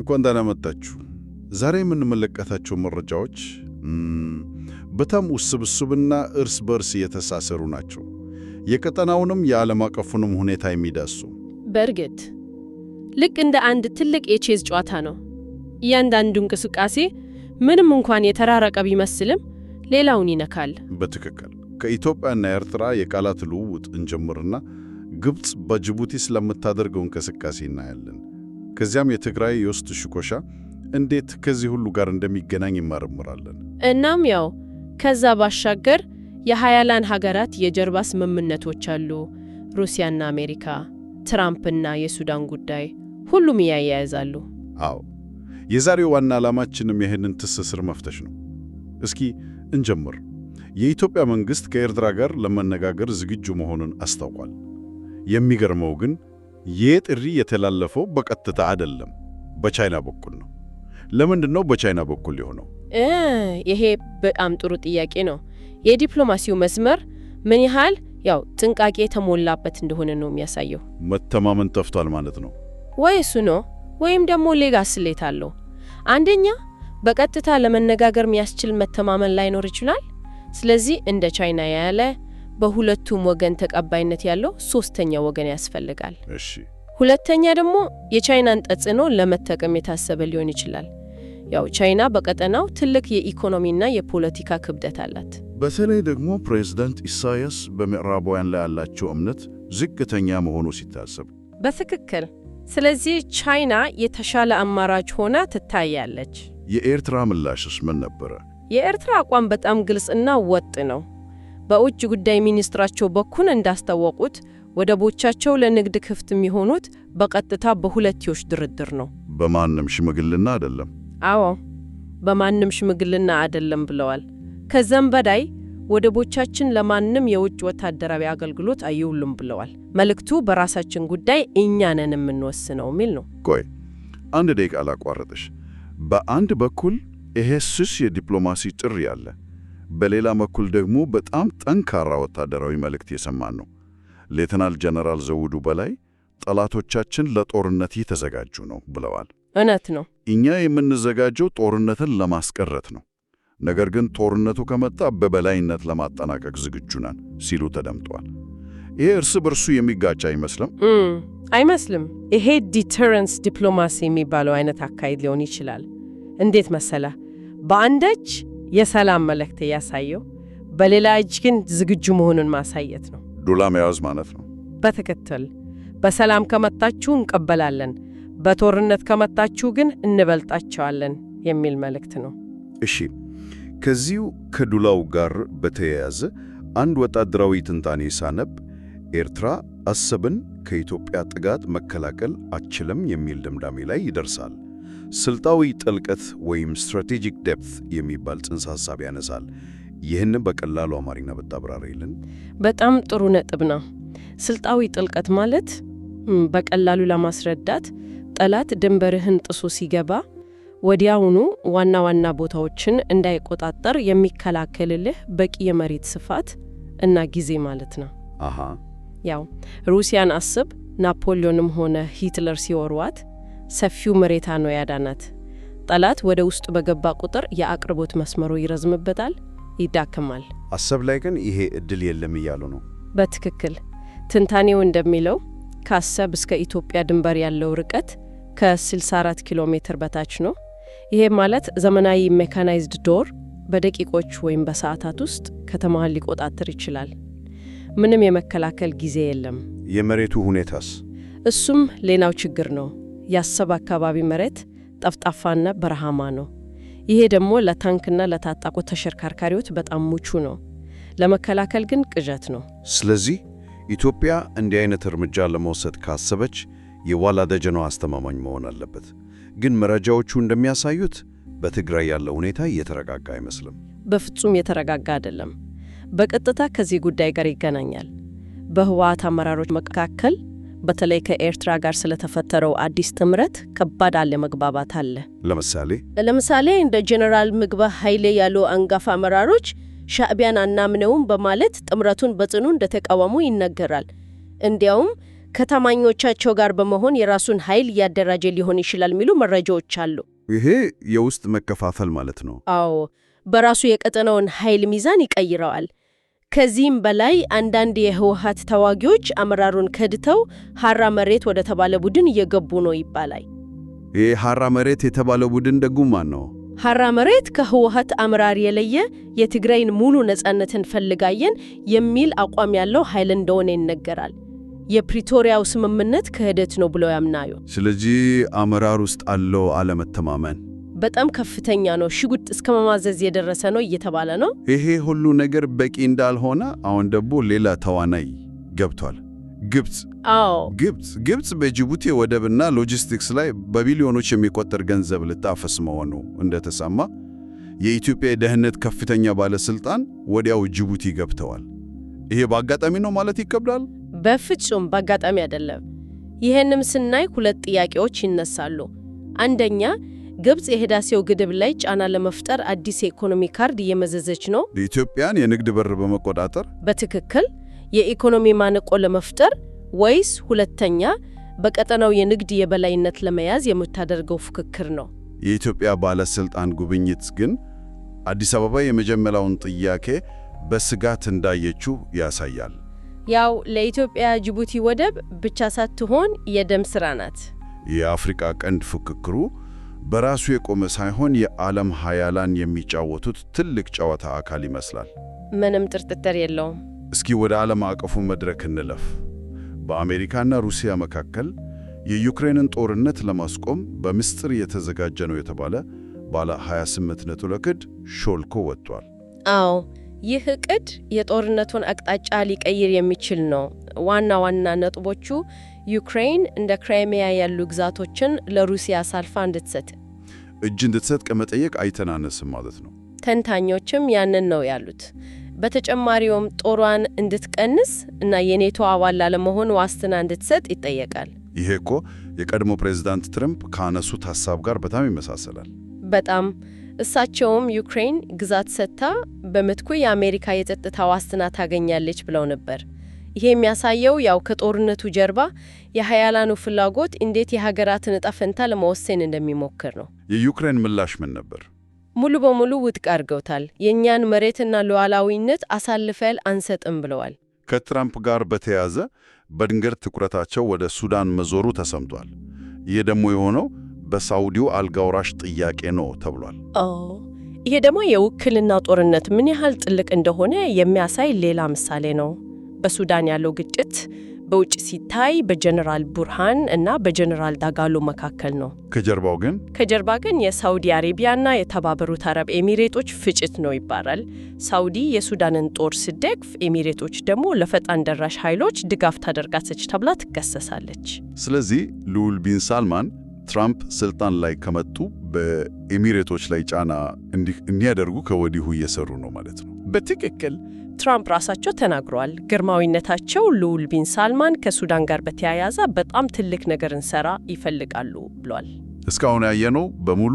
እንኳን ደህና መጣችሁ። ዛሬ የምንመለከታቸው መረጃዎች በጣም ውስብስብና እርስ በርስ የተሳሰሩ ናቸው። የቀጠናውንም የዓለም አቀፉንም ሁኔታ የሚዳሱ በእርግጥ ልክ እንደ አንድ ትልቅ የቼዝ ጨዋታ ነው። እያንዳንዱ እንቅስቃሴ ምንም እንኳን የተራረቀ ቢመስልም ሌላውን ይነካል። በትክክል ከኢትዮጵያና ኤርትራ የቃላት ልውውጥ እንጀምርና ግብፅ በጅቡቲ ስለምታደርገው እንቅስቃሴ እናያለን። ከዚያም የትግራይ የውስጥ ሽኮሻ እንዴት ከዚህ ሁሉ ጋር እንደሚገናኝ ይመረምራለን። እናም ያው ከዛ ባሻገር የሀያላን ሀገራት የጀርባ ስምምነቶች አሉ። ሩሲያና አሜሪካ፣ ትራምፕና የሱዳን ጉዳይ ሁሉም እያያያዛሉ። አዎ የዛሬው ዋና ዓላማችንም ይህንን ትስስር መፍተሽ ነው። እስኪ እንጀምር። የኢትዮጵያ መንግሥት ከኤርትራ ጋር ለመነጋገር ዝግጁ መሆኑን አስታውቋል። የሚገርመው ግን ይህ ጥሪ የተላለፈው በቀጥታ አይደለም፣ በቻይና በኩል ነው። ለምንድን ነው በቻይና በኩል የሆነው? ይሄ በጣም ጥሩ ጥያቄ ነው። የዲፕሎማሲው መስመር ምን ያህል ያው ጥንቃቄ የተሞላበት እንደሆነ ነው የሚያሳየው። መተማመን ጠፍቷል ማለት ነው ወይ? እሱ ነው ወይም ደግሞ ሌላ ስሌት አለው። አንደኛ በቀጥታ ለመነጋገር የሚያስችል መተማመን ላይኖር ይችላል። ስለዚህ እንደ ቻይና ያለ በሁለቱም ወገን ተቀባይነት ያለው ሶስተኛ ወገን ያስፈልጋል። እሺ። ሁለተኛ ደግሞ የቻይናን ተጽዕኖ ለመጠቀም የታሰበ ሊሆን ይችላል። ያው ቻይና በቀጠናው ትልቅ የኢኮኖሚና የፖለቲካ ክብደት አላት። በተለይ ደግሞ ፕሬዝዳንት ኢሳያስ በምዕራባውያን ላይ ያላቸው እምነት ዝቅተኛ መሆኑ ሲታሰብ በትክክል ስለዚህ ቻይና የተሻለ አማራጭ ሆና ትታያለች። የኤርትራ ምላሽስ ምን ነበረ? የኤርትራ አቋም በጣም ግልጽና ወጥ ነው። በውጭ ጉዳይ ሚኒስትራቸው በኩል እንዳስታወቁት ወደቦቻቸው ለንግድ ክፍት የሚሆኑት በቀጥታ በሁለትዮሽ ድርድር ነው። በማንም ሽምግልና አይደለም። አዎ በማንም ሽምግልና አይደለም ብለዋል። ከዘም በላይ ወደቦቻችን ለማንም የውጭ ወታደራዊ አገልግሎት አይውሉም ብለዋል። መልእክቱ በራሳችን ጉዳይ እኛ ነን የምንወስነው የሚል ነው። ቆይ አንድ ደቂቃ ላቋረጥሽ። በአንድ በኩል ይሄ ስስ የዲፕሎማሲ ጥሪ አለ። በሌላ በኩል ደግሞ በጣም ጠንካራ ወታደራዊ መልእክት የሰማን ነው። ሌተናል ጀነራል ዘውዱ በላይ ጠላቶቻችን ለጦርነት እየተዘጋጁ ነው ብለዋል። እውነት ነው። እኛ የምንዘጋጀው ጦርነትን ለማስቀረት ነው። ነገር ግን ጦርነቱ ከመጣ በበላይነት ለማጠናቀቅ ዝግጁ ነን ሲሉ ተደምጧል። ይሄ እርስ በርሱ የሚጋጭ አይመስልም አይመስልም። ይሄ ዲተረንስ ዲፕሎማሲ የሚባለው አይነት አካሄድ ሊሆን ይችላል። እንዴት መሰለህ በአንደች የሰላም መልእክት ያሳየው፣ በሌላ እጅ ግን ዝግጁ መሆኑን ማሳየት ነው። ዱላ መያዝ ማለት ነው። በትክክል በሰላም ከመታችሁ እንቀበላለን፣ በጦርነት ከመታችሁ ግን እንበልጣቸዋለን የሚል መልእክት ነው። እሺ፣ ከዚሁ ከዱላው ጋር በተያያዘ አንድ ወታደራዊ ትንታኔ ሳነብ ኤርትራ አሰብን ከኢትዮጵያ ጥቃት መከላከል አችልም የሚል ድምዳሜ ላይ ይደርሳል። ስልታዊ ጥልቀት ወይም ስትራቴጂክ ዴፕት የሚባል ጽንሰ ሀሳብ ያነሳል። ይህን በቀላሉ አማርኛ ብታብራሪልን። በጣም ጥሩ ነጥብ ነው። ስልታዊ ጥልቀት ማለት በቀላሉ ለማስረዳት ጠላት ድንበርህን ጥሶ ሲገባ ወዲያውኑ ዋና ዋና ቦታዎችን እንዳይቆጣጠር የሚከላከልልህ በቂ የመሬት ስፋት እና ጊዜ ማለት ነው። አሃ ያው ሩሲያን አስብ። ናፖሊዮንም ሆነ ሂትለር ሲወሯት ሰፊው መሬታ ነው ያዳናት። ጠላት ወደ ውስጥ በገባ ቁጥር የአቅርቦት መስመሩ ይረዝምበታል፣ ይዳክማል። አሰብ ላይ ግን ይሄ እድል የለም እያሉ ነው። በትክክል ትንታኔው እንደሚለው ከአሰብ እስከ ኢትዮጵያ ድንበር ያለው ርቀት ከ64 ኪሎ ሜትር በታች ነው። ይሄ ማለት ዘመናዊ ሜካናይዝድ ዶር በደቂቆች ወይም በሰዓታት ውስጥ ከተማዋን ሊቆጣጠር ይችላል። ምንም የመከላከል ጊዜ የለም። የመሬቱ ሁኔታስ? እሱም ሌላው ችግር ነው። የአሰብ አካባቢ መሬት ጠፍጣፋና በረሃማ ነው። ይሄ ደግሞ ለታንክና ለታጣቁ ተሽከርካሪዎች በጣም ምቹ ነው። ለመከላከል ግን ቅዠት ነው። ስለዚህ ኢትዮጵያ እንዲህ አይነት እርምጃ ለመውሰድ ካሰበች የዋላ ደጀኗ አስተማማኝ መሆን አለበት። ግን መረጃዎቹ እንደሚያሳዩት በትግራይ ያለው ሁኔታ እየተረጋጋ አይመስልም። በፍጹም የተረጋጋ አይደለም። በቀጥታ ከዚህ ጉዳይ ጋር ይገናኛል። በህወሓት አመራሮች መካከል በተለይ ከኤርትራ ጋር ስለተፈጠረው አዲስ ጥምረት ከባድ አለመግባባት አለ። ለምሳሌ ለምሳሌ እንደ ጀኔራል ምግበ ኃይሌ ያሉ አንጋፋ አመራሮች ሻዕቢያን አናምነውም በማለት ጥምረቱን በጽኑ እንደተቃወሙ ይነገራል። እንዲያውም ከታማኞቻቸው ጋር በመሆን የራሱን ኃይል እያደራጀ ሊሆን ይችላል የሚሉ መረጃዎች አሉ። ይሄ የውስጥ መከፋፈል ማለት ነው። አዎ፣ በራሱ የቀጠናውን ኃይል ሚዛን ይቀይረዋል። ከዚህም በላይ አንዳንድ የህወሓት ተዋጊዎች አመራሩን ከድተው ሐራ መሬት ወደ ተባለ ቡድን እየገቡ ነው ይባላል። ይህ ሐራ መሬት የተባለ ቡድን ደግሞ ማን ነው? ሐራ መሬት ከህወሓት አመራር የለየ የትግራይን ሙሉ ነጻነት እንፈልጋየን የሚል አቋም ያለው ኃይል እንደሆነ ይነገራል። የፕሪቶሪያው ስምምነት ክህደት ነው ብለው ያምናዩ። ስለዚህ አመራር ውስጥ አለው አለመተማመን በጣም ከፍተኛ ነው፣ ሽጉጥ እስከ መማዘዝ የደረሰ ነው እየተባለ ነው። ይሄ ሁሉ ነገር በቂ እንዳልሆነ አሁን ደግሞ ሌላ ተዋናይ ገብቷል፣ ግብፅ። አዎ ግብፅ ግብፅ በጅቡቲ ወደብና ሎጂስቲክስ ላይ በቢሊዮኖች የሚቆጠር ገንዘብ ልታፈስ መሆኑ እንደተሰማ የኢትዮጵያ የደህንነት ከፍተኛ ባለስልጣን ወዲያው ጅቡቲ ገብተዋል። ይሄ በአጋጣሚ ነው ማለት ይከብዳል። በፍጹም በአጋጣሚ አይደለም። ይህንም ስናይ ሁለት ጥያቄዎች ይነሳሉ። አንደኛ ግብጽ የህዳሴው ግድብ ላይ ጫና ለመፍጠር አዲስ የኢኮኖሚ ካርድ እየመዘዘች ነው። የኢትዮጵያን የንግድ በር በመቆጣጠር በትክክል የኢኮኖሚ ማነቆ ለመፍጠር ወይስ ሁለተኛ በቀጠናው የንግድ የበላይነት ለመያዝ የምታደርገው ፉክክር ነው። የኢትዮጵያ ባለስልጣን ጉብኝት ግን አዲስ አበባ የመጀመሪያውን ጥያቄ በስጋት እንዳየችው ያሳያል። ያው ለኢትዮጵያ ጅቡቲ ወደብ ብቻ ሳትሆን የደም ስራ ናት። የአፍሪቃ ቀንድ ፉክክሩ በራሱ የቆመ ሳይሆን የዓለም ሀያላን የሚጫወቱት ትልቅ ጨዋታ አካል ይመስላል። ምንም ጥርጥር የለውም። እስኪ ወደ ዓለም አቀፉ መድረክ እንለፍ። በአሜሪካና ሩሲያ መካከል የዩክሬንን ጦርነት ለማስቆም በምስጢር የተዘጋጀ ነው የተባለ ባለ 28 ነጥብ ዕቅድ ሾልኮ ወጥቷል። አዎ ይህ እቅድ የጦርነቱን አቅጣጫ ሊቀይር የሚችል ነው። ዋና ዋና ነጥቦቹ ዩክሬን እንደ ክራይሚያ ያሉ ግዛቶችን ለሩሲያ አሳልፋ እንድትሰጥ እጅ እንድትሰጥ ከመጠየቅ አይተናነስም ማለት ነው። ተንታኞችም ያንን ነው ያሉት። በተጨማሪውም ጦሯን እንድትቀንስ እና የኔቶ አባል ላለመሆን ዋስትና እንድትሰጥ ይጠየቃል። ይሄ እኮ የቀድሞ ፕሬዚዳንት ትራምፕ ካነሱት ሀሳብ ጋር በጣም ይመሳሰላል። በጣም እሳቸውም ዩክሬን ግዛት ሰጥታ በምትኩ የአሜሪካ የጸጥታ ዋስትና ታገኛለች ብለው ነበር። ይሄ የሚያሳየው ያው ከጦርነቱ ጀርባ የሀያላኑ ፍላጎት እንዴት የሀገራትን እጣ ፈንታ ለመወሰን እንደሚሞክር ነው። የዩክሬን ምላሽ ምን ነበር? ሙሉ በሙሉ ውድቅ አድርገውታል። የእኛን መሬትና ሉዓላዊነት አሳልፈል አንሰጥም ብለዋል። ከትራምፕ ጋር በተያያዘ በድንገት ትኩረታቸው ወደ ሱዳን መዞሩ ተሰምቷል። ይህ ደግሞ የሆነው በሳውዲው አልጋውራሽ ጥያቄ ነው ተብሏል። ይሄ ደግሞ የውክልና ጦርነት ምን ያህል ጥልቅ እንደሆነ የሚያሳይ ሌላ ምሳሌ ነው። በሱዳን ያለው ግጭት በውጭ ሲታይ በጀነራል ቡርሃን እና በጀነራል ዳጋሎ መካከል ነው። ከጀርባው ግን ከጀርባ ግን የሳውዲ አሬቢያና የተባበሩት አረብ ኤሚሬቶች ፍጭት ነው ይባላል። ሳውዲ የሱዳንን ጦር ስደግፍ፣ ኤሚሬቶች ደግሞ ለፈጣን ደራሽ ኃይሎች ድጋፍ ታደርጋለች ተብላ ትከሰሳለች። ስለዚህ ልዑል ቢን ሳልማን ትራምፕ ስልጣን ላይ ከመጡ በኤሚሬቶች ላይ ጫና እንዲያደርጉ ከወዲሁ እየሰሩ ነው ማለት ነው። በትክክል ትራምፕ ራሳቸው ተናግረዋል። ግርማዊነታቸው ልዑል ቢን ሳልማን ከሱዳን ጋር በተያያዘ በጣም ትልቅ ነገር እንሰራ ይፈልጋሉ ብሏል። እስካሁን ያየነው በሙሉ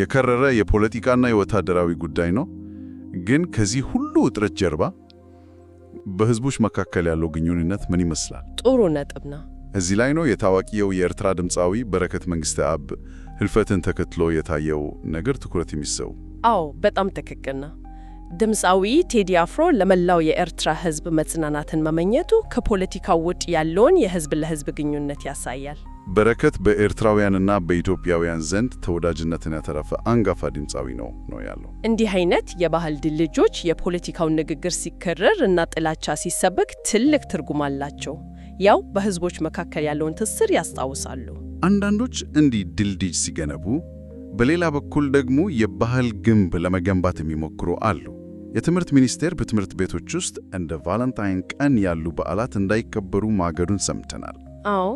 የከረረ የፖለቲካና የወታደራዊ ጉዳይ ነው። ግን ከዚህ ሁሉ ውጥረት ጀርባ በህዝቦች መካከል ያለው ግንኙነት ምን ይመስላል? ጥሩ ነጥብ ነው። እዚህ ላይ ነው የታዋቂው የኤርትራ ድምፃዊ በረከት አብ ህልፈትን ተከትሎ የታየው ነገር ትኩረት የሚስበው። አዎ በጣም ትክክል ነው። ድምፃዊ ቴዲ አፍሮ ለመላው የኤርትራ ህዝብ መጽናናትን መመኘቱ ከፖለቲካው ውጭ ያለውን የህዝብ ለህዝብ ግንኙነት ያሳያል። በረከት በኤርትራውያንና በኢትዮጵያውያን ዘንድ ተወዳጅነትን ያተረፈ አንጋፋ ድምፃዊ ነው ነው ያለው። እንዲህ አይነት የባህል ድልድዮች የፖለቲካውን ንግግር ሲከረር እና ጥላቻ ሲሰበክ ትልቅ ትርጉም አላቸው። ያው በህዝቦች መካከል ያለውን ትስር ያስታውሳሉ። አንዳንዶች እንዲህ ድልድይ ሲገነቡ፣ በሌላ በኩል ደግሞ የባህል ግንብ ለመገንባት የሚሞክሩ አሉ። የትምህርት ሚኒስቴር በትምህርት ቤቶች ውስጥ እንደ ቫለንታይን ቀን ያሉ በዓላት እንዳይከበሩ ማገዱን ሰምተናል። አዎ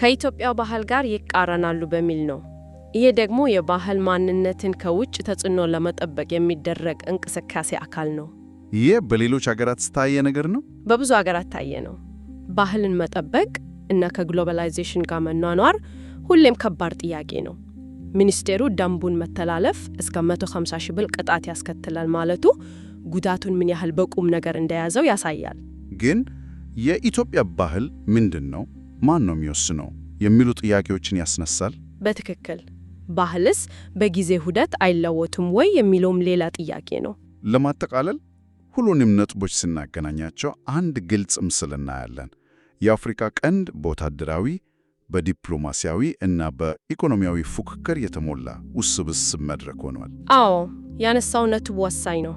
ከኢትዮጵያ ባህል ጋር ይቃረናሉ በሚል ነው። ይሄ ደግሞ የባህል ማንነትን ከውጭ ተጽዕኖ ለመጠበቅ የሚደረግ እንቅስቃሴ አካል ነው። ይህ በሌሎች ሀገራት ታየ ነገር ነው። በብዙ ሀገራት ታየ ነው። ባህልን መጠበቅ እና ከግሎባላይዜሽን ጋር መኗኗር ሁሌም ከባድ ጥያቄ ነው። ሚኒስቴሩ ደንቡን መተላለፍ እስከ 150 ሺህ ብር ቅጣት ያስከትላል ማለቱ ጉዳቱን ምን ያህል በቁም ነገር እንደያዘው ያሳያል። ግን የኢትዮጵያ ባህል ምንድን ነው? ማን ነው የሚወስነው? የሚሉ ጥያቄዎችን ያስነሳል። በትክክል ባህልስ በጊዜ ሂደት አይለወትም ወይ የሚለውም ሌላ ጥያቄ ነው። ለማጠቃለል ሁሉንም ነጥቦች ስናገናኛቸው አንድ ግልጽ ምስል እናያለን። የአፍሪካ ቀንድ በወታደራዊ በዲፕሎማሲያዊ እና በኢኮኖሚያዊ ፉክክር የተሞላ ውስብስብ መድረክ ሆኗል። አዎ፣ ያነሳው ነጥብ ወሳኝ ነው።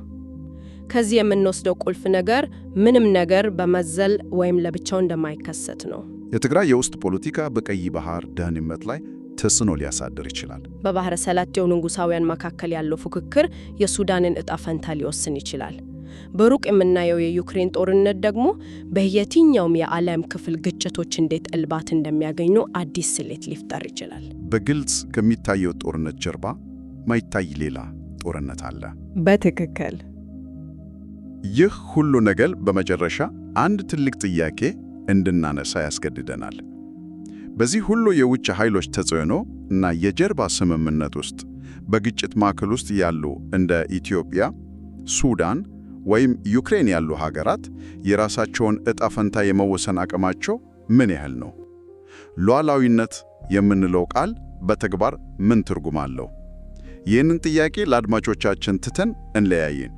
ከዚህ የምንወስደው ቁልፍ ነገር ምንም ነገር በመዘል ወይም ለብቻው እንደማይከሰት ነው። የትግራይ የውስጥ ፖለቲካ በቀይ ባህር ደህንነት ላይ ተጽዕኖ ሊያሳድር ይችላል። በባህረ ሰላጤው ንጉሳውያን መካከል ያለው ፉክክር የሱዳንን እጣ ፈንታ ሊወስን ይችላል። በሩቅ የምናየው የዩክሬን ጦርነት ደግሞ በየትኛውም የዓለም ክፍል ግጭቶች እንዴት እልባት እንደሚያገኙ አዲስ ስሌት ሊፍጠር ይችላል። በግልጽ ከሚታየው ጦርነት ጀርባ ማይታይ ሌላ ጦርነት አለ። በትክክል ይህ ሁሉ ነገር በመጨረሻ አንድ ትልቅ ጥያቄ እንድናነሳ ያስገድደናል። በዚህ ሁሉ የውጭ ኃይሎች ተጽዕኖ እና የጀርባ ስምምነት ውስጥ በግጭት ማዕከል ውስጥ ያሉ እንደ ኢትዮጵያ፣ ሱዳን ወይም ዩክሬን ያሉ ሀገራት የራሳቸውን ዕጣ ፈንታ የመወሰን አቅማቸው ምን ያህል ነው? ሉዓላዊነት የምንለው ቃል በተግባር ምን ትርጉም አለው? ይህንን ጥያቄ ለአድማጮቻችን ትተን እንለያይን።